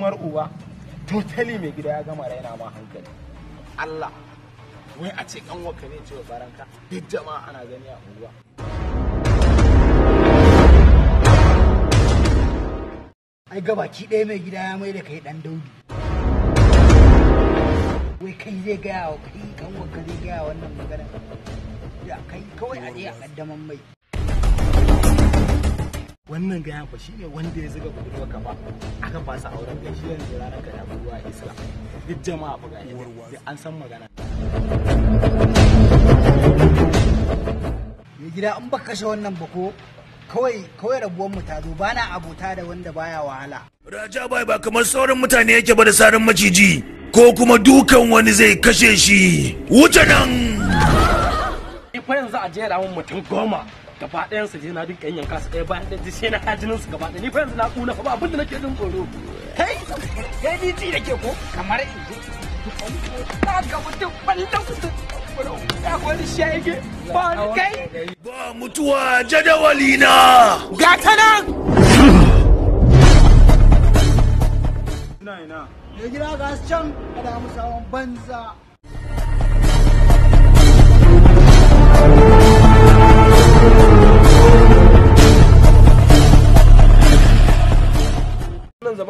hidimar uba totali mai gida ya gama raina ma hankali Allah wai a ce kanwarka ne ce wa baranka duk jama'a ana gani a unguwa ai gabaki ɗaya mai gida ya mai da kai dan daudi wai kai zai gaya wa kai kanwarka zai gaya wannan magana ya kai kawai a ɗaya a kaddaman mai wannan gaya fa shine wanda ya zuga budurwa ka ba aka fasa auren da shi yanzu ranar ka islam duk jama'a an san magana mai gida in ba kashe wannan ba ko kawai kawai rabuwar mu ta zo bana abota da wanda baya wahala raja bai ba kamar sauran mutane yake ba da sarin maciji ko kuma dukan wani zai kashe shi wuce nan fa yanzu a jera mun mutum goma gaba ɗayan su na dinka yan yanka su ɗaya bayan ɗaya sai na ka jinin su gaba ɗaya ni fa yanzu na kuna fa ba abin da nake jin tsoro kai kai ni ji nake ko kamar in ji na ga mutum ballan mutum ya wani shege ba kai ba mutuwa jadawali na ga ta nan ina ina ne gida ga can kada mu sawan banza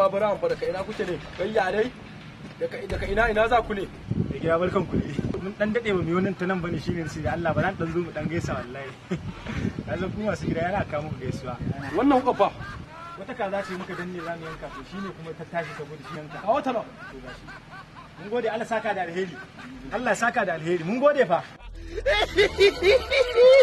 babura amfa daga ina kuke ne kai ya daga ina ina za ku ne da gida barkan ku ne mun dan dade ba mu yonin ta nan bane shine sai da Allah ba nan dan zo mu dan gaisa wallahi yanzu ku masu gida yana kawo muku gaisuwa wannan kofa wata kaza ce muka danne za mu yanka to shine kuma ta tashi saboda shi yanka a wata ba to gashi mun gode Allah saka da alheri Allah saka da alheri mun gode fa